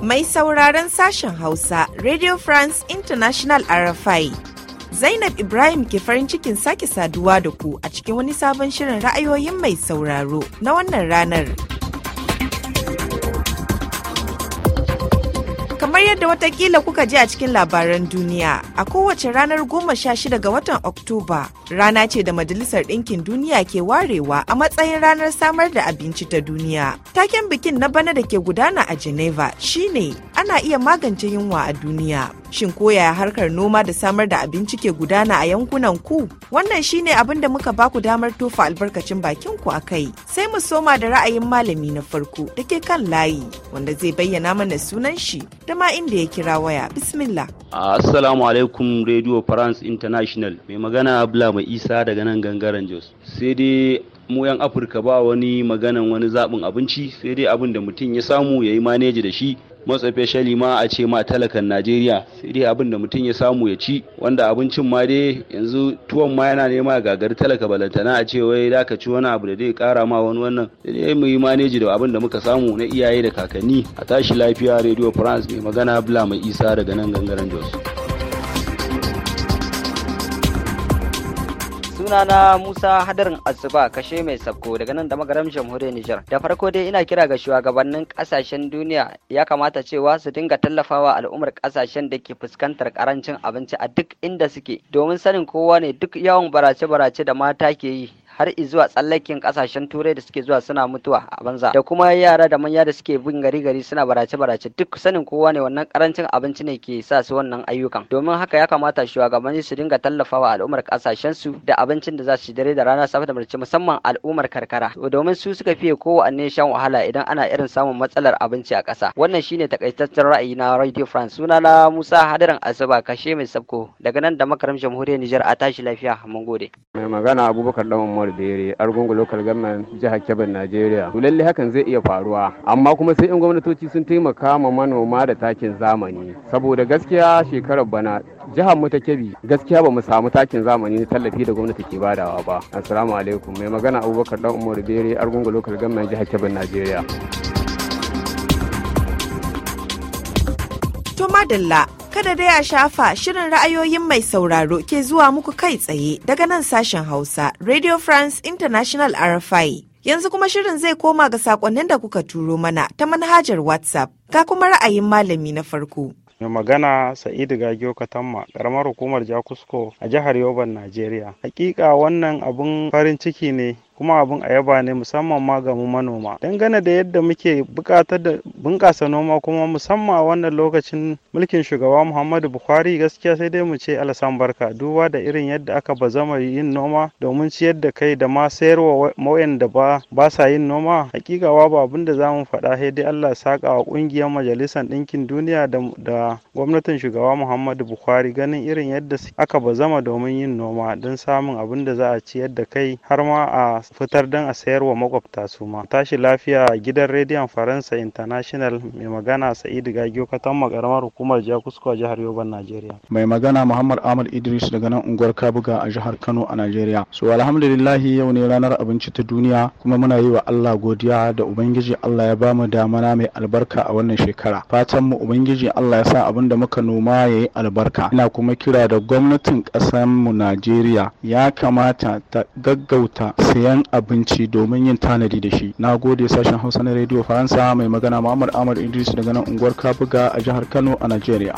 Mai sauraron sashen Hausa, Radio France International RFI. Zainab Ibrahim ke farin cikin sake saduwa da ku a cikin wani sabon shirin ra'ayoyin mai sauraro na wannan ranar. yadda watakila kuka ji a cikin labaran duniya a kowace ranar goma sha shida ga watan Oktoba rana ce da Majalisar Ɗinkin Duniya ke warewa a matsayin ranar samar da abinci ta duniya. Taken bikin na bana da ke gudana a Geneva shine ana iya magance yunwa a duniya. Shin koya harkar noma da samar da abinci ke gudana a yankunan ku? Wannan shine abin da muka baku damar tofa albarkacin bakin ku a kai. Sai mu soma da ra'ayin malami na farko da ke kan layi wanda zai bayyana mana sunan shi da ma inda ya kira waya. Bismillah. Assalamu alaikum Radio France International. Mai magana Abla Mai Isa daga nan gangaren Jos. Sai dai mu yan afirka ba wani maganan wani zaɓin abinci sai dai abin da mutum ya samu ya yi maneji da shi especially ma a ce ma talakan najeriya sai dai abin da mutum ya samu ya ci wanda abincin ma dai yanzu tuwon ma yana nema gagari talaka balantana a ce wai da ka ci wani abu da zai kara ma wani wannan dai mu yi maneji da abin da muka samu na iyaye da kakanni a tashi lafiya radio france mai magana bula mai isa daga nan gangaren jos sunana Musa Hadarin Asuba kashe mai sabko daga nan da magaram jamhuriyar Nijar. Da farko dai ina kira ga shugabannin kasashen duniya ya kamata cewa su dinga tallafawa al'ummar kasashen da ke fuskantar karancin abinci a duk inda suke domin sanin kowa ne duk yawan barace-barace da mata ke yi har izuwa tsallakin kasashen turai da suke zuwa suna mutuwa a banza da kuma yara da manya da suke bin gari gari suna barace barace duk sanin kowa ne wannan karancin abinci ne ke sa su wannan ayyukan domin haka ya kamata shugabanni su dinga tallafawa al'ummar kasashen su da abincin da za su dare da rana safa da marci musamman al'ummar karkara domin su suka fiye kowanne shan wahala idan ana irin samun matsalar abinci a ƙasa wannan shine takaitaccen ra'ayi na radio france suna na musa hadarin asuba kashe mai sabko daga nan da makaram jamhuriyar nijar a tashi lafiya mun gode mai magana abubakar Lamun Umar Dere Argungu Local Government jihar Kebbi Najeriya to lalle hakan zai iya faruwa amma kuma sai in gwamnatoci sun taimaka ma manoma da takin zamani saboda gaskiya shekarar bana jihar mu ta Kebbi gaskiya ba mu samu takin zamani na tallafi da gwamnati ke badawa ba assalamu alaikum mai magana Abubakar Dan Umar Dere Argungu Local Government jihar Kebbi Najeriya To madalla kada dai a shafa shirin ra'ayoyin mai sauraro ke zuwa muku kai tsaye daga nan sashen Hausa Radio France International RFI. Yanzu kuma shirin zai koma ga sakonnin da kuka turo mana ta manhajar WhatsApp ga kuma ra'ayin malami na farko. mai magana sa'idu gagio katamma karamar hukumar jakusko a jihar yoban najeriya hakika wannan abun farin ciki ne kuma abin a yaba ne musamman ma ga manoma dangane da yadda muke bukatar da bunƙasa noma kuma musamman a wannan lokacin mulkin shugaba muhammadu buhari gaskiya sai dai mu ce alasan barka duba da irin yadda aka bazama yin noma domin ciyar da kai da ma sayarwa da ba ba sa yin noma wa ba abin da za mu faɗa sai dai allah saka wa ƙungiyar majalisar ɗinkin duniya da gwamnatin shugaba muhammadu buhari ganin irin yadda aka bazama domin yin noma don samun abin da za a ciyar da kai har ma a fitar don a sayar wa makwabta su ma tashi lafiya a gidan rediyon faransa international mai magana sa'idu Gagio, katon magarmar hukumar a jihar Yoruba, najeriya mai magana muhammad ahmad idris daga nan unguwar kabuga a jihar kano a najeriya Su alhamdulillahi yau ne ranar abinci ta duniya kuma muna yi wa allah godiya da ubangiji allah ya ba bamu damana mai albarka a wannan shekara fatan mu ubangiji allah ya sa abin da muka noma ya yi albarka ina kuma kira da gwamnatin ƙasar mu najeriya ya kamata ta gaggauta siyan kayan abinci domin yin tanadi da shi na gode sashen hausa na rediyo faransa mai magana muhammad ahmad idris daga nan unguwar kabuga a jihar kano a najeriya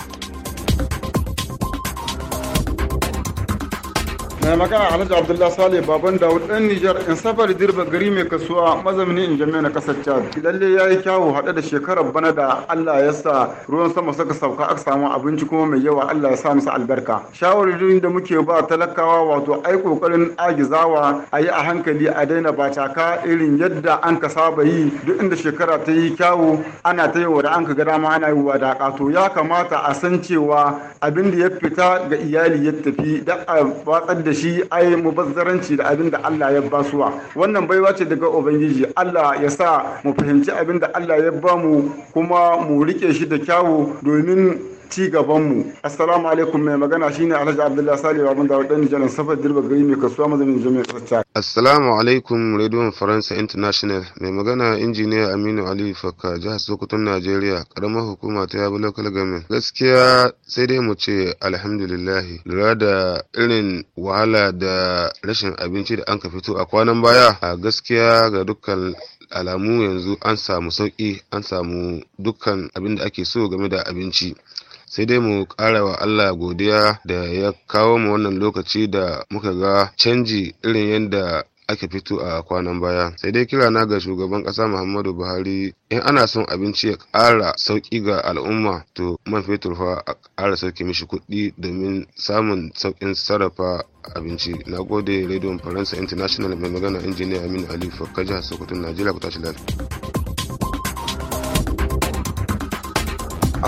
mai magana alhaji abdullahi sale baban dawud dan nijar in safar dirba gari mai kasuwa mazamini in jami'a na kasar chad lalle ya yi kyawu haɗe da shekarar bana da allah ya sa ruwan sama suka sauka aka samu abinci kuma mai yawa allah ya sa musu albarka shawarin da muke ba talakawa wato ai kokarin agizawa a yi a hankali a daina bataka irin yadda an ka saba yi duk inda shekara ta yi kyawu ana ta yi da an ka gada ma ana yi wada to ya kamata a san cewa abin da ya fita ga iyali ya tafi da a watsar da shi ai mubazzaranci da abin da Allah ya ba suwa wannan baiwa ce daga ubangiji Allah ya sa mu fahimci abin da Allah ya ba mu kuma mu rike shi da kyawu domin ci gabanmu assalamu alaikum mai magana shine alhaji abdullahi Sale wa da dan nijar safar dirba gari mai kasuwa mazamin jami'ar tsacca assalamu alaikum radio faransa international mai magana injiniya aminu ali Fakka, jihar sokoton najeriya karamar hukuma ta yabo local government gaskiya sai dai mu ce alhamdulillahi lura da irin wahala da rashin abinci da an ka fito a kwanan baya a gaskiya ga dukkan alamu yanzu an samu sauki an samu dukkan abin da ake so game da abinci sai dai mu ƙara wa Allah godiya da ya kawo mu wannan lokaci da muka ga canji irin yadda ake fito a kwanan baya sai dai kira na ga shugaban ƙasa muhammadu buhari in ana son abinci ya ƙara sauƙi ga al'umma to man fetur fa a ƙara sauƙi mishi kuɗi domin samun sauƙin sarrafa abinci na gode rediyon faransa international mai magana injiniya aminu ali fakka jihar sokoto najeriya ku tashi lafiya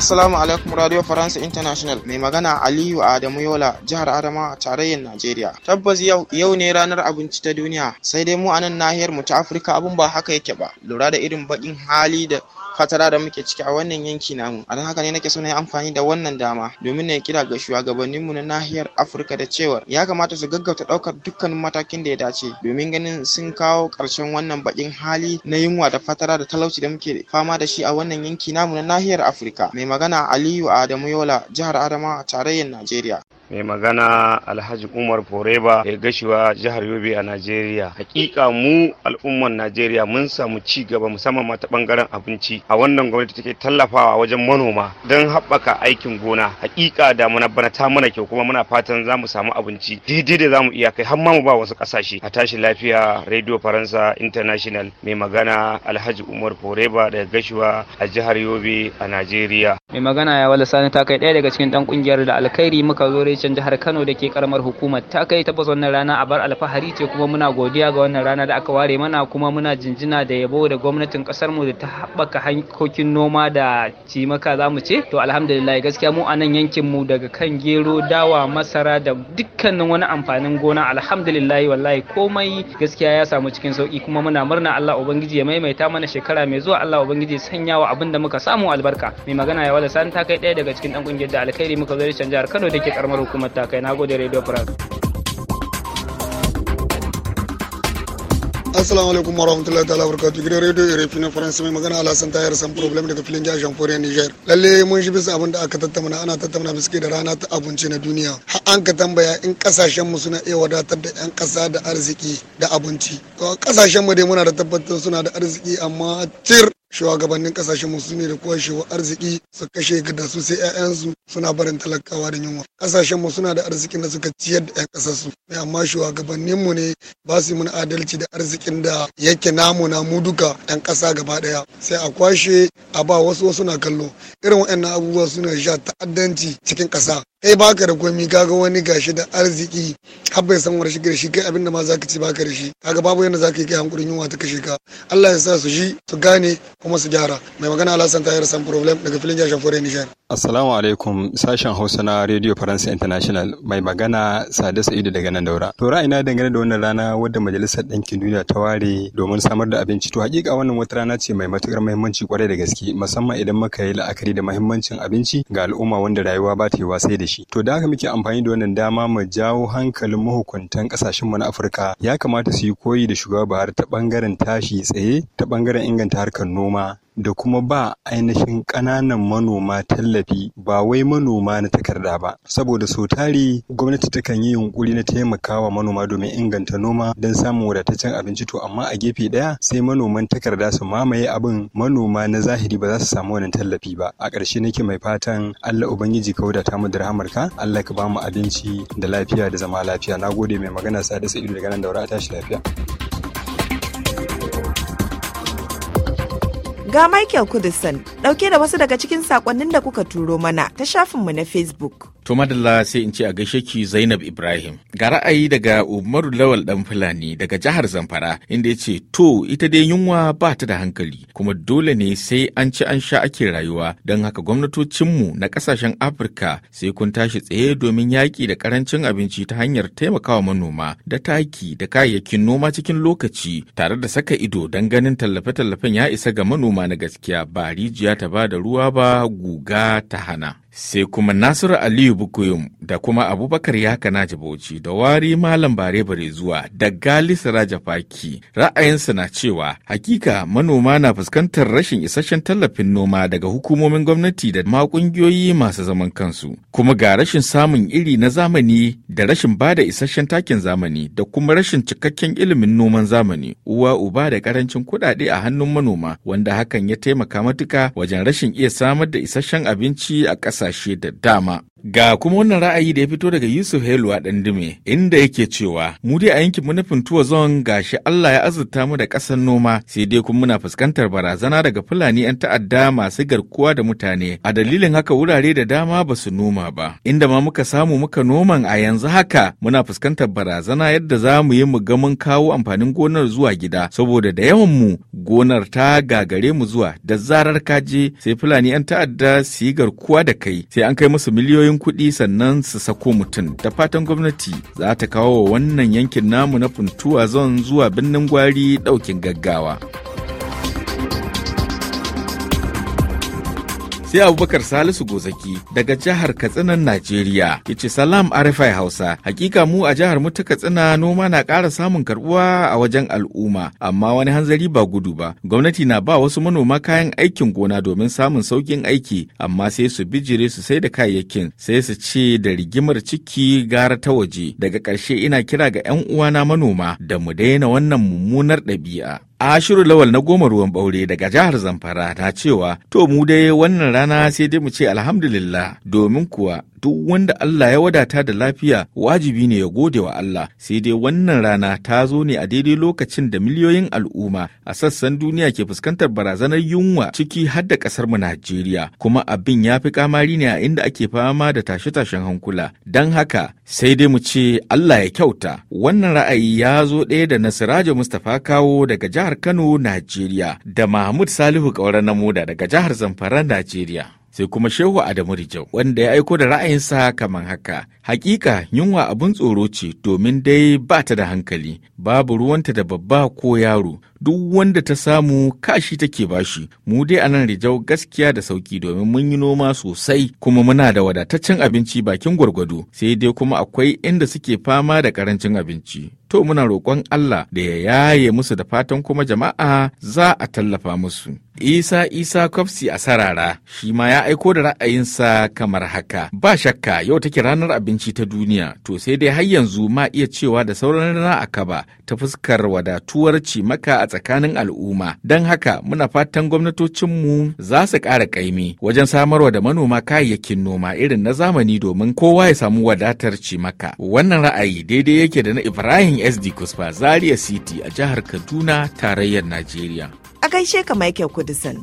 Assalamu alaikum Radio France International mai magana Aliyu Adamu Yola jihar Adama tarayyar Najeriya. Tabbas yau ne ranar abinci ta duniya sai dai mu a nan nahiyar mu ta Afirka abun ba haka yake ba. Lura da irin bakin hali da fatara da muke ciki a wannan yanki namu a don haka ne nake so na yi amfani da wannan dama domin na kira ga mu na nahiyar afirka da cewar ya kamata su gaggauta ɗaukar dukkan matakin da ya dace domin ganin sun kawo ƙarshen wannan baƙin hali na yunwa da fatara da talauci da muke fama da shi a wannan yanki namu na nahiyar afirka mai magana Aliyu Adamu Yola, Jihar Adamawa, Tarayyar Najeriya. mai magana alhaji umar foreba ya gashiwa jihar yobe a najeriya hakika mu al'umman najeriya mun samu ci gaba musamman ma ta bangaren abinci a wannan gwamnati take tallafawa wajen manoma don haɓaka aikin gona hakika da muna bana ta mana kyau kuma muna fatan za mu samu abinci daidai da za mu iya kai har ma mu ba wasu ƙasashe a tashi lafiya radio faransa international mai magana alhaji umar foreba daga gashiwa a jihar yobe a najeriya mai magana ya wala sani ta kai ɗaya daga cikin ɗan ƙungiyar da alkhairi muka zo Dicen jihar Kano da ke karamar hukumar ta kai tabbas wannan rana a bar alfahari ce kuma muna godiya ga wannan rana da aka ware mana kuma muna jinjina da yabo da gwamnatin kasar mu da ta haɓaka hankokin noma da cimaka za mu ce to alhamdulillah gaskiya mu a nan yankin mu daga kan gero dawa masara da dukkanin wani amfanin gona alhamdulillah wallahi komai gaskiya ya samu cikin sauki kuma muna murna Allah ubangiji ya maimaita mana shekara mai zuwa Allah ubangiji sanya wa abin da muka samu albarka mai magana ya wala san ta kai ɗaya daga cikin dan kungiyar da alkhairi muka zo jihar Kano da ke karamar hukumar matakai na gode radio france assalamu alaikum rahmatullahi ta'ala barkatu gidan radio irefi na faransa mai magana alasan tayar san problem daga filin jihar koriya niger lalle mun shi bisa abin da aka tattauna ana tattauna biske da rana ta abinci na duniya har an ka tambaya in kasashen mu suna iya wadatar da yan kasa da arziki da abinci to kasashen mu dai muna da tabbatar suna da arziki amma cir shugabannin kasashen musulmi da shewa arziki su kashe gada su sai 'ya'yansu suna barin talakawa da yunwa kasashen mu suna da arzikin da suka ciyar da 'yan kasarsu eh, amma shugabannin mu ne ba su mun adalci da arzikin da yake namu na mu duka 'yan kasa gaba ɗaya. sai a kwashe a ba wasu wasu na kallo irin waɗannan abubuwa suna sha ta'addanci cikin ƙasa. kai baka da komi kaga wani gashi da arziki har bai san wani shigar shi kai abin da ma zaka ci baka da shi kaga babu yanda zaka yi kai hankurin yunwa ta kashe ka Allah ya sa su ji su gane kuma su gyara mai magana Alhassan tayar San Problem daga filin Jashin Fure Nijar Assalamu alaikum sashen Hausa na Radio Faransa International mai magana Sade Sa'idu daga nan daura. To ra'ayina dangane da wannan rana wadda Majalisar Ɗinkin Duniya ta ware domin samar da abinci. To hakika wannan wata rana ce mai matukar muhimmanci kwarai da gaske musamman idan muka yi la'akari da muhimmancin abinci ga al'umma wanda rayuwa ba ta yi wasai da shi. To da haka muke amfani da wannan dama mu jawo hankalin mahukuntan kasashen mu na Afirka ya kamata su yi koyi da shugaba Buhari ta ɓangaren tashi tsaye ta ɓangaren inganta harkar noma da kuma ba ainihin ƙananan manoma tallafi ba wai manoma na takarda ba saboda sau tari gwamnati takan yi yunkuri na taimakawa manoma domin inganta noma don samun wadataccen abinci to amma a gefe ɗaya sai manoman takarda su mamaye abin manoma na zahiri ba za su samu wannan tallafi ba a ƙarshe nake mai fatan Allah ubangiji ka wadata mu da rahamarka Allah ka ba mu abinci da lafiya da zama lafiya Na gode mai magana Sadisu Ido daga nan da a tashi lafiya Ga Michael Kudison ɗauke da wasu daga cikin sakonnin da kuka turo mana ta shafinmu na Facebook. To madalla sai in ce a gaishe ki Zainab Ibrahim. Ga ra'ayi daga Umaru Lawal dan Fulani daga jihar Zamfara inda ya ce to ita dai yunwa ba ta da hankali kuma dole ne sai an ci an sha ake rayuwa don haka gwamnatocinmu na kasashen Afirka sai kun tashi tsaye domin yaƙi da karancin abinci ta hanyar taimakawa manoma da taki da kayayyakin noma cikin lokaci tare da saka ido don ganin tallafe-tallafen ya isa ga manoma na gaskiya ba rijiya ta ba da ruwa ba guga ta hana. sai kuma nasiru aliyu bukuyum da kuma abubakar yaka na bauchi da wari malam bare bare zuwa da galis ra'ayinsa faki na cewa hakika manoma na fuskantar rashin isasshen tallafin noma daga hukumomin gwamnati da ma kungiyoyi masu zaman kansu kuma ga rashin samun iri na zamani da rashin ba da isasshen takin zamani da kuma rashin cikakken ilimin noman zamani uwa uba da karancin kuɗaɗe a hannun manoma wanda hakan ya taimaka matuka wajen rashin iya samar da isasshen abinci a ƙasashe da dama. Ga kuma wannan ra'ayi da ya fito daga Yusuf Heluwa dume inda yake cewa mu dai a yankin mu na Fintuwa Zone gashi Allah ya azurta mu da ƙasar noma sai dai kuma muna fuskantar barazana daga Fulani 'yan ta'adda masu garkuwa da mutane a dalilin haka wurare da dama ba su noma ba inda ma muka samu muka noman a yanzu haka muna fuskantar barazana yadda za mu yi mu ga mun kawo amfanin gonar zuwa gida saboda da yawan mu gonar ta gagare mu zuwa da zarar ka je sai Fulani 'yan ta'adda su yi garkuwa da kai sai an kai musu miliyoyin miliyoyin kuɗi sannan su sako mutum da fatan gwamnati za ta kawo wa wannan yankin namu na puntuwa zon zuwa birnin gwari ɗaukin gaggawa. sai abubakar salisu gozaki daga jihar katsinan najeriya ya ce salam arifai hausa hakika mu a jihar mu ta katsina noma na ƙara samun karbuwa a wajen al'umma amma wani hanzari ba gudu ba gwamnati na ba wasu manoma kayan aikin gona domin samun sauƙin aiki amma sai su bijire su sai da kayayyakin sai su ce da rigimar ciki gara ta waje daga ƙarshe ina kira ga 'yan uwana manoma da mu daina wannan mummunar ɗabi'a Ashiru Lawal na goma ruwan ɓaure daga jihar Zamfara na cewa to mu dai wannan rana sai dai mu ce alhamdulillah domin kuwa duk wanda Allah ya wadata da lafiya wajibi ne ya gode wa Allah sai dai wannan rana ta zo ne a daidai lokacin da miliyoyin al'umma a sassan duniya ke fuskantar barazanar yunwa ciki har da kasar mu Najeriya kuma abin ya fi kamari ne a inda ake fama da tashe-tashen hankula don haka sai dai mu ce Allah ya kyauta wannan ra'ayi ya zo ɗaya da Nasiraja Mustapha Kawo daga jihar jihar Kano, Najeriya da Mahmud Salihu Kaura na Moda daga jihar Zamfara, Najeriya. sai kuma shehu adamu rijau wanda ya aiko da ra'ayinsa kamar haka hakika yunwa abin tsoro ce domin dai ba ta da hankali babu ruwanta da babba ko yaro duk wanda ta samu kashi take bashi mu dai a nan rijau gaskiya da sauki domin mun yi noma sosai kuma muna da wadataccen abinci bakin gwargwado sai dai kuma akwai inda suke fama da karancin abinci to muna roƙon Allah da ya yaye musu da fatan kuma jama'a za a tallafa musu Isa Isa Kwafsi a sarara shi ma ya aiko da ra'ayinsa kamar haka ba shakka yau take ranar abinci ta duniya to sai dai har yanzu ma iya cewa da sauran rana a kaba ta fuskar wadatuwar cimaka a tsakanin al'umma don haka muna fatan gwamnatocinmu za su ƙara ƙaimi wajen samarwa da manoma kayayyakin noma irin na zamani domin kowa ya samu wadatar cimaka wannan ra'ayi daidai yake da na ibrahim sd kusfa zaria city a jihar kaduna tarayyar najeriya a gaishe ka michael kudisan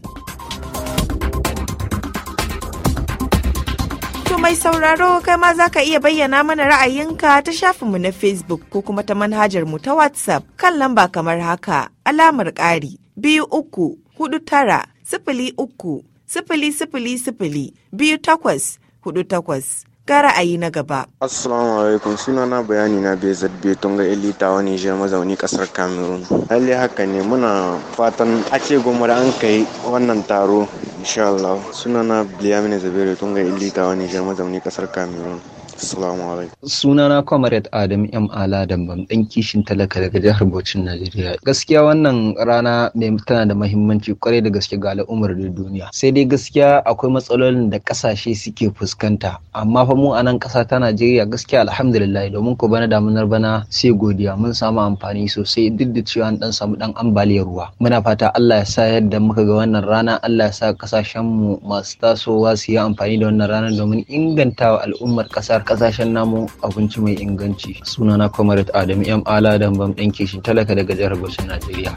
mai sauraro kai ma za ka iya bayyana mana ra'ayinka ta shafinmu na Facebook ko kuma ta manhajar mu ta WhatsApp kan lamba kamar haka alamar ƙari biyu uku hudu tara sifili uku sifili sifili sifili biyu takwas hudu takwas. a ra'ayi na gaba. Assalamu alaikum na bayani na bai BZB Tonga Elita wani jiyar mazauni kasar Cameroon. Lalle haka ne muna fatan ake goma da an kai wannan taro insha Allah. Sunana Bilyamin Zabiru Tonga Elita wani jiyar mazauni kasar Cameroon. Assalamu alaikum. Sunana Comrade Adam M. Ala Dambam ɗan kishin talaka daga jihar Bauchin Najeriya. Gaskiya wannan rana mai tana da mahimmanci kwarai da gaske ga al'ummar da duniya. Sai dai gaskiya akwai matsalolin da ƙasashe suke fuskanta. Amma fa mu a nan ƙasa ta Najeriya gaskiya alhamdulillah domin ko bana damunar bana sai godiya mun samu amfani sosai duk da cewa an dan samu dan ambaliyar ruwa. Muna fata Allah ya sa yadda muka ga wannan rana Allah ya sa ƙasashenmu masu tasowa su yi amfani da wannan rana domin ingantawa al'ummar ƙasar kasashen namu abinci mai inganci sunana comrade adamu yan ala dan bam ɗan kishin talaka daga jihar bauchi najeriya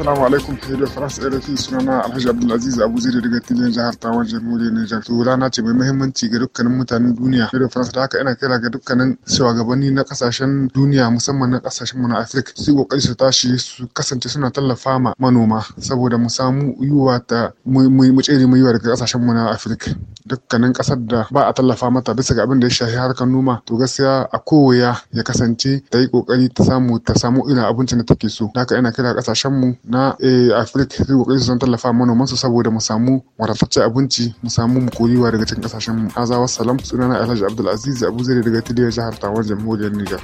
Assalamu alaikum da France RFI sunana Alhaji Abdulaziz Abuja da daga Tilin jihar Tawar Jamhuriyar Nijar. To rana ce mai muhimmanci ga dukkanin mutanen duniya. Radio France da haka ina kira ga dukkanin shugabanni na kasashen duniya musamman na kasashen mu na Afirka su kokari su tashi su kasance suna tallafa ma manoma saboda mu samu yiwuwa ta mu tsere mu yiwa daga kasashen mu na Afirka. Dukkanin kasar da ba a tallafa mata bisa ga abin da ya shafi harkar noma to gaskiya a kowaya ya kasance ta yi kokari ta samu ta samu irin abincin da take so. Da haka ina kira kasashen mu na Afirka su kokari su zan tallafa manoman su saboda mu samu wadataccen abinci mu samu mu koriwa daga cikin kasashen mu. Azawa salam sunana Alhaji Abdulaziz Abu zai daga Tiliyar jihar Tawan jamhuriyar niger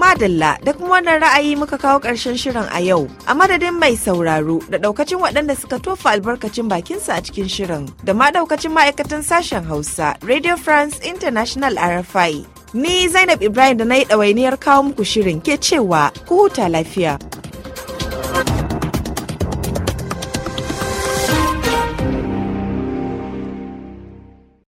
madalla da kuma wannan ra'ayi muka kawo ƙarshen shirin a yau a madadin mai sauraro da ɗaukacin waɗanda suka tofa albarkacin bakinsa a cikin shirin da ma ɗaukacin ma'aikatan sashen hausa radio france international rfi Ni Zainab Ibrahim da na yi ɗawainiyar kawo muku shirin ke cewa ku huta lafiya.